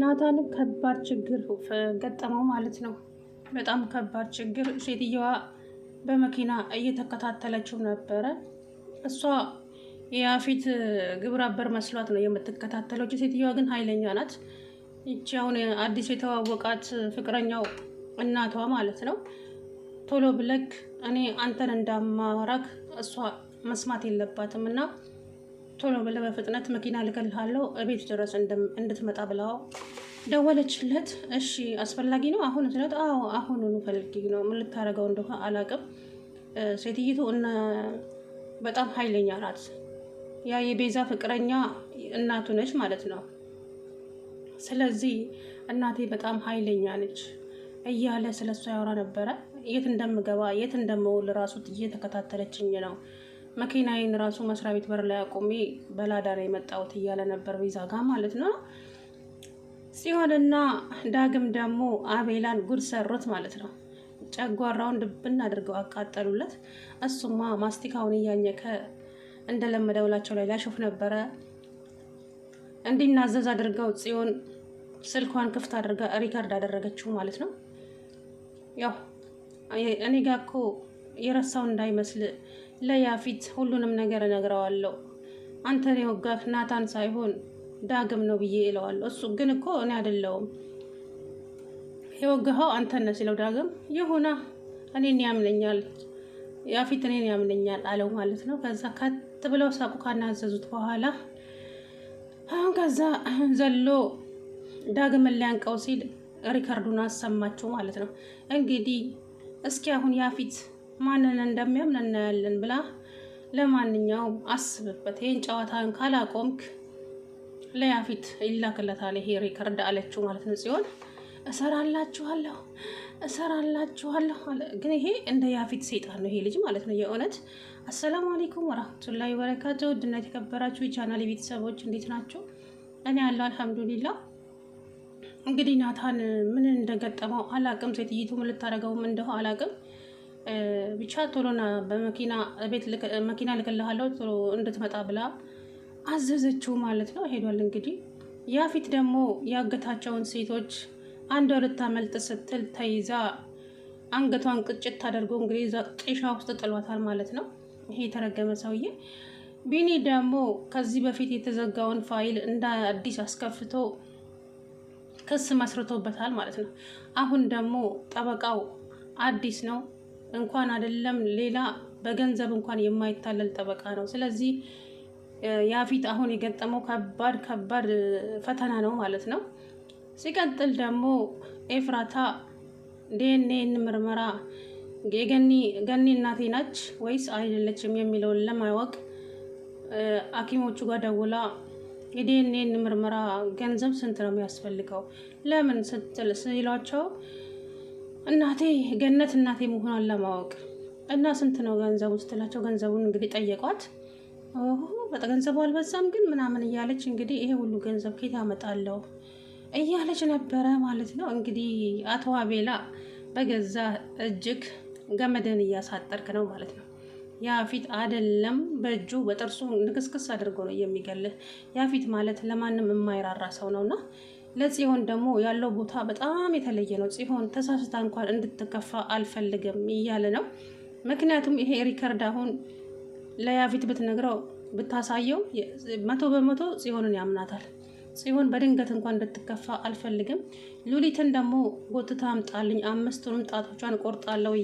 ናታንም ከባድ ችግር ገጠመው ማለት ነው። በጣም ከባድ ችግር። ሴትየዋ በመኪና እየተከታተለችው ነበረ። እሷ የአፊት ግብረ አበር መስሏት ነው የምትከታተለች ሴትየዋ ግን ኃይለኛ ናት። ይቺ አሁን አዲስ የተዋወቃት ፍቅረኛው እናቷ ማለት ነው። ቶሎ ብለክ እኔ አንተን እንዳማራክ እሷ መስማት የለባትም እና ቶሎ ብለህ በፍጥነት መኪና ልከልሃለሁ እቤት ድረስ እንድትመጣ ብለው ደወለችለት። እሺ አስፈላጊ ነው አሁን ስለት፣ አዎ አሁኑኑ ፈልጊ ነው ምን ልታደርገው እንደሆነ አላውቅም። ሴትይቱ እነ በጣም ኃይለኛ ናት። ያ የቤዛ ፍቅረኛ እናቱ ነች ማለት ነው። ስለዚህ እናቴ በጣም ኃይለኛ ነች እያለ ስለሱ ያወራ ነበረ። የት እንደምገባ የት እንደምውል ራሱ እየተከታተለችኝ ነው መኪናዬን ራሱ መስሪያ ቤት በር ላይ አቁሜ በላዳ የመጣውት የመጣሁት እያለ ነበር ቤዛ ጋር ማለት ነው። ሲሆንና ዳግም ደግሞ አቤላን ጉድ ሰሩት ማለት ነው። ጨጓራውን ድብን አድርገው አቃጠሉለት። እሱማ ማስቲካውን እያኘከ እንደለመደ ላይ ሊያሾፍ ነበረ። እንዲናዘዝ አድርገው ጽዮን ስልኳን ክፍት አድርጋ ሪከርድ አደረገችው ማለት ነው። ያው እኔ ጋ እኮ የረሳው እንዳይመስል ለያፊት ሁሉንም ነገር እነግረዋለሁ። አንተን የወጋህ ናታን ሳይሆን ዳግም ነው ብዬ እለዋለሁ። እሱ ግን እኮ እኔ አይደለውም የወገኸው አንተነ ሲለው ዳግም ይሁና እኔን ያምነኛል ያፊት እኔን ያምነኛል አለው ማለት ነው። ከዛ ከት ብለው ሳቁ ካናዘዙት በኋላ አሁን ከዛ ዘሎ ዳግምን ሊያንቀው ሲል ሪከርዱን አሰማቸው ማለት ነው። እንግዲህ እስኪ አሁን ያፊት ማንን እንደሚያምን እናያለን ብላ ለማንኛውም አስብበት፣ ይህን ጨዋታን ካላቆምክ ለያፊት ይላክለታል ይሄ ሪከርድ አለችው ማለት ነው ሲሆን እሰራላችኋለሁ እሰራላችኋለሁ አለ። ግን ይሄ እንደ ያፊት ሴጣን ነው ይሄ ልጅ ማለት ነው የእውነት። አሰላሙ አሌይኩም ወራህመቱላሂ ወበረካቱ። ውድና የተከበራችሁ የቻናል ቤተሰቦች እንዴት ናቸው? እኔ ያለው አልሐምዱሊላ። እንግዲህ ናታን ምን እንደገጠመው አላቅም። ሴትይቱ ምን ልታደርገውም እንደሆ አላቅም። ብቻ ቶሎና በመኪና ቤት መኪና ልክልሃለሁ ቶሎ እንድትመጣ ብላ አዘዘችው ማለት ነው። ሄዷል እንግዲህ። ያፊት ደግሞ ያገታቸውን ሴቶች አንዷ ልታመልጥ ስትል ተይዛ አንገቷን ቅጭት ታደርጎ እንግዲህ ጤሻ ውስጥ ጥሏታል ማለት ነው። ይሄ የተረገመ ሰውዬ ቢኒ ደግሞ ከዚህ በፊት የተዘጋውን ፋይል እንደ አዲስ አስከፍቶ ክስ መስርቶበታል ማለት ነው። አሁን ደግሞ ጠበቃው አዲስ ነው እንኳን አይደለም ሌላ በገንዘብ እንኳን የማይታለል ጠበቃ ነው። ስለዚህ ያፊት አሁን የገጠመው ከባድ ከባድ ፈተና ነው ማለት ነው። ሲቀጥል ደግሞ ኤፍራታ ዲኤንኤን ምርመራ የገኒ ገኒ እናቴ ናች ወይስ አይደለችም የሚለውን ለማወቅ ሐኪሞቹ ጋር ደውላ የዲኤንኤን ምርመራ ገንዘብ ስንት ነው የሚያስፈልገው ለምን ስትል ሲሏቸው እናቴ ገነት እናቴ መሆኗን ለማወቅ እና ስንት ነው ገንዘቡ ስትላቸው ገንዘቡን እንግዲህ ጠየቋት። ገንዘቡ አልበዛም ግን ምናምን እያለች እንግዲህ ይሄ ሁሉ ገንዘብ ኬት ያመጣለው እያለች ነበረ ማለት ነው። እንግዲህ አቶ አቤላ በገዛ እጅግ ገመድን እያሳጠርክ ነው ማለት ነው። ያፊት አይደለም በእጁ በጥርሱ ንክስክስ አድርጎ ነው የሚገልህ። ያፊት ማለት ለማንም የማይራራ ሰው ነውና ለጽዮን ደግሞ ያለው ቦታ በጣም የተለየ ነው። ጽሆን ተሳስታ እንኳን እንድትከፋ አልፈልግም እያለ ነው። ምክንያቱም ይሄ ሪከርድ አሁን ለያፊት ብትነግረው ብታሳየው መቶ በመቶ ጽሆንን ያምናታል። ጽሆን በድንገት እንኳን እንድትከፋ አልፈልግም። ሉሊትን ደግሞ ጎትታ አምጣልኝ፣ አምስቱንም ጣቶቿን ቆርጣለው።